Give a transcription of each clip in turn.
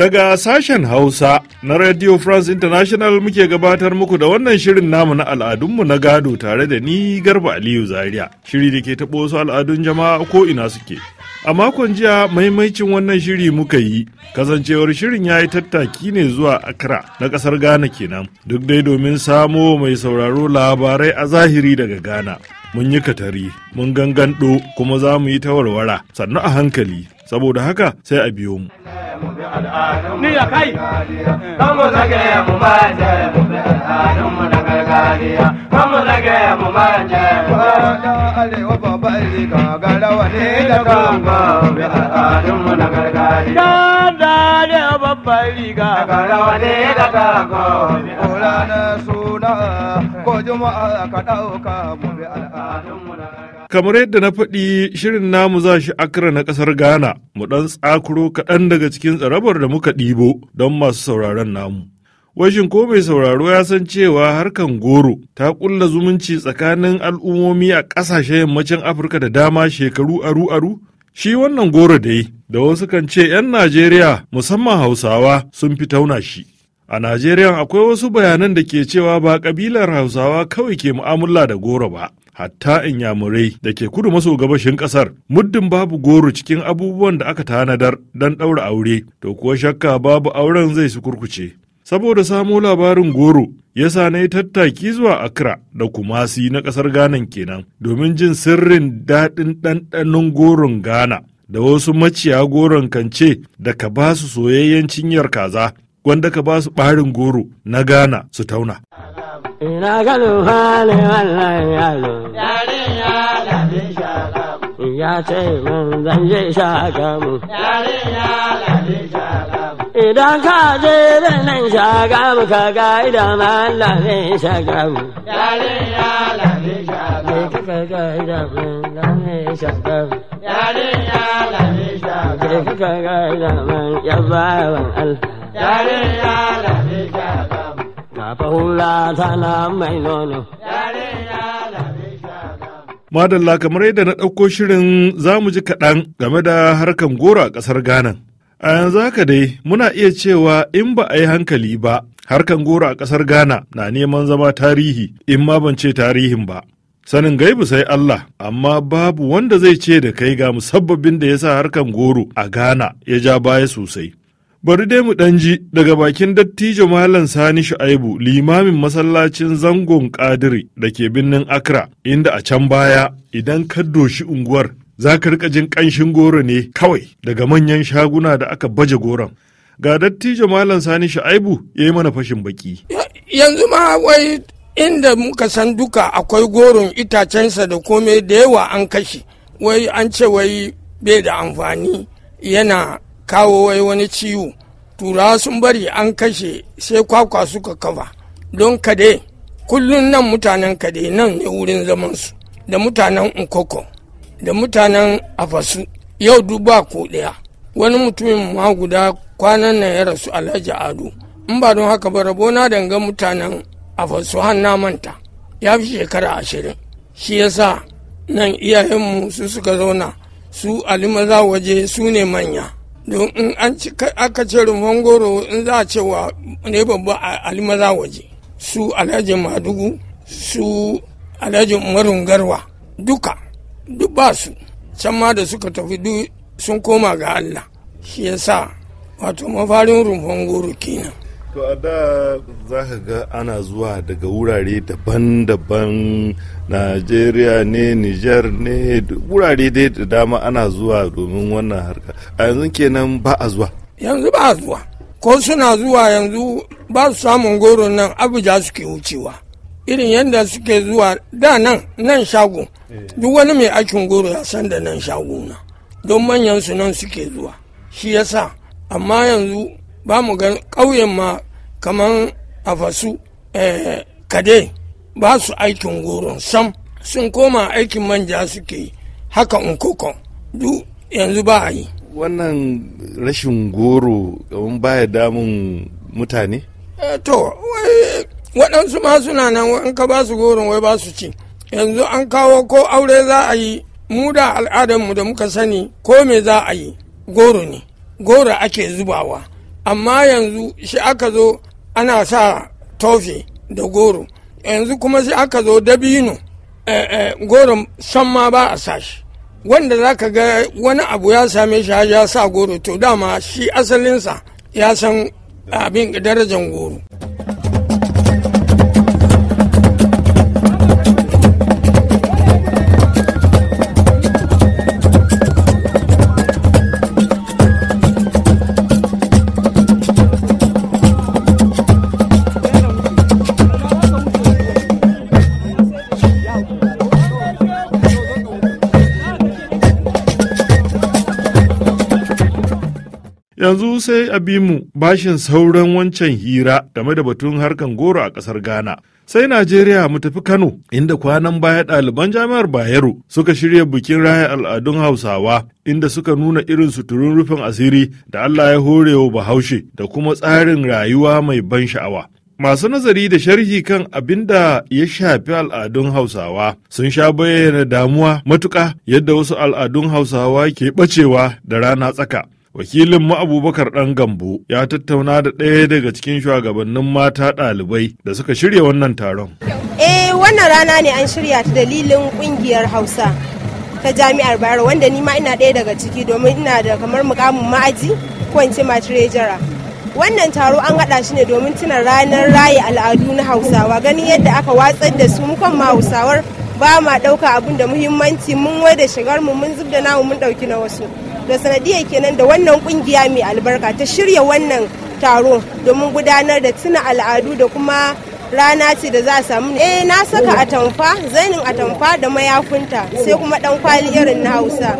Daga sashen Hausa na Radio France International muke gabatar muku da wannan shirin namu na al'adunmu na gado tare da ni Garba Aliyu Zaria. Shiri da ke taɓo wasu al'adun jama'a ko ina suke. A makon jiya maimaicin wannan shiri muka yi, kasancewar shirin ya yi tattaki ne zuwa Accra na ƙasar Ghana kenan, duk dai domin samo mai sauraro labarai a zahiri daga Ghana. Mun yi katari, mun gangando kuma za mu yi warwara, sannu a hankali, saboda haka sai a biyo mu. mu bi al'adun mu da gargajiya kan mu zage mu manje mu bi al'adun mu da gargajiya kan mu zage mu manje mu da arewa mu ka garawa ne da kanka mu bi al'adun mu da gargajiya da da arewa baba ka garawa ne da kanka kula na suna ko juma'a ka dauka mu bi al'adun mu Kamar yadda na faɗi shirin namu za shi akra na ƙasar Ghana, mu ɗan tsakuro kaɗan daga cikin tsarabar da muka ɗibo don masu sauraron namu. Washin ko mai sauraro ya san cewa harkan goro ta ƙulla zumunci tsakanin al'ummomi a ƙasashen yammacin Afirka da dama shekaru aru-aru? Shi wannan goro dai, da wasu kan ce ‘yan Najeriya musamman Hausawa sun fi tauna shi. A Najeriya akwai wasu bayanan da ke cewa ba kabilar Hausawa kawai ke mu'amala da goro ba, hatta inyamurai da ke kudu maso gabashin ƙasar, Muddin babu goro cikin abubuwan da aka tanadar don ɗaura aure, to kuwa shakka babu auren zai su kurkuce. Saboda samo labarin goro, ya sa na yi tattaki zuwa Accra da Kumasi na ƙasar Ghana kenan domin jin sirrin daɗin ɗanɗanon goron Ghana. da wasu maciya goron kance da ka ba su soyayyen cinyar kaza wanda ka ba su ɓarin goro na Ghana su tauna. Idan ka je da nan shaga mu ka ga Ya ce min zan je shakamu. Yarin ya lafi shaga mu. ka je birnin shakamu ka ga idan malamin shakamu. Yarin ya shaga mu. Ka ga idan malamin shakamu. Yarin ya lafi shakamu. Ka Madalla kamar yadda na ɗauko shirin za mu ji kaɗan game da harkan goro a ƙasar Ghana. A yanzu haka dai muna iya cewa in ba a yi hankali ba, harkan goro a ƙasar Ghana na neman zama tarihi in ma ban ce tarihin ba. Sanin gaibu sai Allah, amma babu wanda zai ce da kai ga musabbabin da ya sa harkan goro a Ghana ya ja baya sosai. Bari dai mu ɗan ji daga bakin dattijo Malam Sani Shu'aibu limamin masallacin zangon Kadiri da ke birnin Accra inda a can baya idan ka doshi unguwar zaka ka rika jin ƙanshin goro ne kawai daga manyan shaguna da aka baje goron. Ga dattijo Malam Sani Shu'aibu ya yi mana fashin baki. Yanzu ma wai inda muka san duka akwai goron itacensa da komai da yawa an kashe. Wai an ce wai bai da amfani yana kawo wai wani ciwo turawa sun bari an kashe sai kwakwa suka kafa don kade kullum nan mutanen kade nan ne wurin su. da mutanen nkoko da mutanen afasu yau duba ko ɗaya wani mutumin ma guda kwanan nan ya rasu alhaji ado in ba don haka ba rabo na danga mutanen afasu har na manta ya fi shekara ashirin shi yasa nan iyayenmu su suka zauna su alimaza waje su ne manya don in an aka ce rumfan goro in za a cewa ne babba ali waje su alhaji madugu su alhaji umarun garwa duka duk ba su can ma da suka tafi duk sun koma ga allah shi yasa wato mafarin rumfan goro kenan To a da za ka ga ana zuwa daga wurare daban-daban Najeriya ne, Nijar ne, wurare dai da dama ana zuwa domin wannan harka. A yanzu kenan ba a zuwa. Yanzu ba a zuwa. Ko suna zuwa yanzu ba su samun goro nan Abuja suke wucewa. Irin yadda suke zuwa da nan nan shago. Duk wani mai aikin goro ya san da nan shago na. Don manyan su nan suke zuwa. Shi yasa amma yanzu ba mu gan ƙauyen ma kaman a fasu eh, kade ba su aikin goron sam sun koma aikin manja suke yi haka unkoko duk yanzu ba a yi wannan rashin goro kaman baya damun mutane eh, to waɗansu ma suna nan in ka ba su goron wai ba su ci yanzu an kawo ko aure za a yi mu da al'adarmu da muka sani ko me za a yi goro ne goro ake zubawa amma yanzu shi aka zo ana sa tofi da goro yanzu kuma shi aka zo dabino eh, eh, goro san ma ba a sa shi wanda za ka ga wani abu ya same shi ya sa goro to dama shi asalinsa ya san abin darajan goro yanzu sai a bi mu bashin sauran wancan hira game da batun harkan goro a ƙasar Ghana. Sai Najeriya mu tafi Kano, inda kwanan baya ɗaliban jami'ar Bayero suka shirya bikin raya al'adun Hausawa, inda suka nuna irin suturun rufin asiri da Allah ya hore wa Bahaushe da kuma tsarin rayuwa mai ban sha'awa. Masu nazari da sharhi kan abin da ya shafi al'adun Hausawa sun sha bayyana damuwa matuƙa yadda wasu al'adun Hausawa ke ɓacewa da rana tsaka. Wakilin mu Abubakar ɗan Gambo ya tattauna da ɗaya daga cikin shugabannin mata ɗalibai da suka shirya wannan taron. Eh wannan rana ne an shirya ta dalilin ƙungiyar Hausa ta Jami'ar Bayero wanda ni ma ina ɗaya daga ciki domin ina da kamar mukamin ma'aji ko in ce Wannan taro an haɗa shi ne domin tuna ranar raye al'adu na Hausawa ganin yadda aka watsar da su mukan ma Hausawar ba ma ɗauka abin da muhimmanci mun wai da shigar mu mun zub da namu mun ɗauki na wasu. da sanadiyar kenan da wannan kungiya mai albarka ta shirya wannan taro domin gudanar da tuna al'adu da kuma rana ce da za a samu eh na saka atamfa zainin atamfa da mayafinta sai kuma dan kwali irin na hausa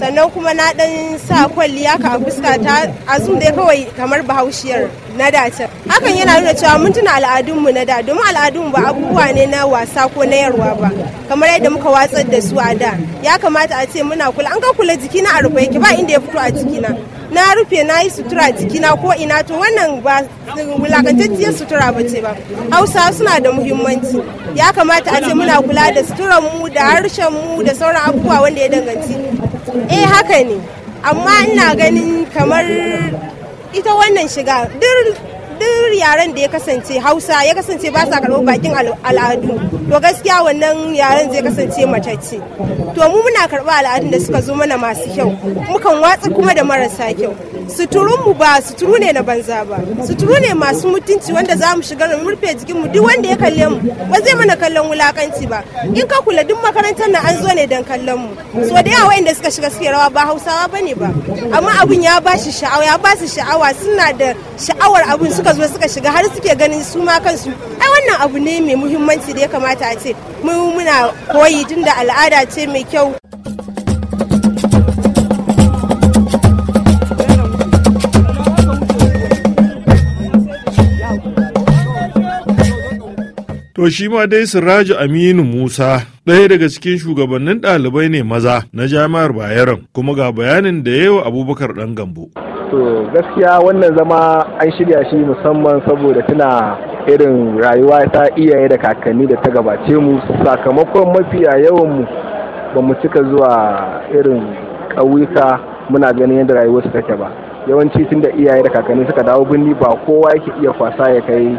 sannan kuma na dan sa kwalliya ka a fuska ta azum dai kawai kamar bahaushiyar na dace hakan yana nuna cewa mun tuna al'adunmu na da domin al'adunmu ba abubuwa ne na wasa ko na yarwa ba kamar yadda muka watsar da su a da ya kamata a ce muna kula an ga kula jiki na rufe ki ba inda ya fito a na. na rufe na yi sutura jiki na ko ina to wannan ba wulakantacciyar sutura ba ce ba hausa suna da muhimmanci ya kamata a ce muna kula da suturan mu da harshen mu da sauran abubuwa wanda ya danganci eh haka ne amma ina ganin kamar ita wannan shiga duk duk yaren da ya kasance hausa ya kasance ba sa karɓar bakin al'adu to gaskiya wannan yaren zai kasance matacce to mu muna karɓar al'adun da suka zo mana masu kyau mukan watsa kuma da marasa kyau suturunmu ba suturu ne na banza ba suturu ne masu mutunci wanda za mu shiga mu rufe jikinmu duk wanda ya kalle mu ba zai mana kallon wulakanci ba in ka kula duk makarantar na an zo ne don kallon mu so da yawa inda suka shiga suke rawa ba hausawa ba ne ba amma abun ya ba shi sha'awa ya ba su sha'awa suna da sha'awar abun suka zo suka shiga har suke ganin su ma kansu ai wannan abu ne mai muhimmanci da ya kamata a ce mu muna koyi da al'ada ce mai kyau To shi ma dai Siraju Aminu Musa ɗaya daga cikin shugabannin ɗalibai ne maza na jami'ar Bayero kuma ga bayanin da yawa Abubakar ɗan Gambo. to gaskiya wannan zama an shirya shi musamman saboda tana irin rayuwa ta iyaye da kakanni da ta gabace mu sakamakon mafiya yawan mu ba mu cika zuwa irin ƙauyuka muna ganin yadda rayuwar su take ba yawanci tun da iyaye da kakanni suka dawo birni ba kowa yake iya kwasa ya kai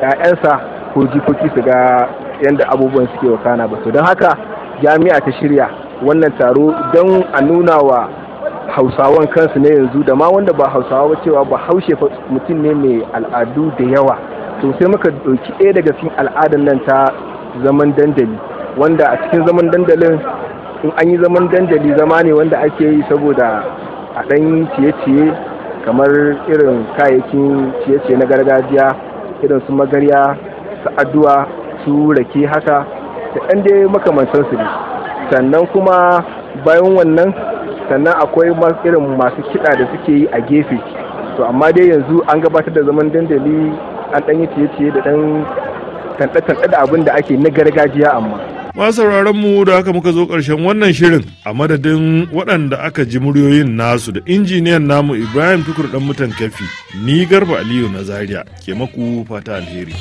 'ya'yansa ko jikoki su ga yadda abubuwan suke wakana ba to don haka jami'a ta shirya wannan taro don a nuna wa hausawan kansu na yanzu da ma wanda ba hausawa ba cewa ba haushe mutum ne mai al'adu da yawa to sai muka ɗauki ɗaya daga cikin al'adar nan ta zaman dandali wanda a cikin zaman dandalin in an yi zaman dandali zama ne wanda ake yi saboda a ɗan ciye-ciye kamar irin kayayyakin ciye-ciye na gargajiya irin su magarya su addu'a su rake haka da ɗan dai makamantansu ne sannan kuma bayan wannan sannan akwai irin masu kiɗa da suke yi a gefe to amma dai yanzu an gabatar da zaman dandali an ɗan yi ciye-ciye da ɗan tanɗe-tanɗe da abin da ake na gargajiya amma masu mu da haka muka zo ƙarshen wannan shirin a madadin waɗanda aka ji muryoyin nasu da injiniyan namu ibrahim tukur ɗan mutan kafi ni garba aliyu na zaria ke maku fata alheri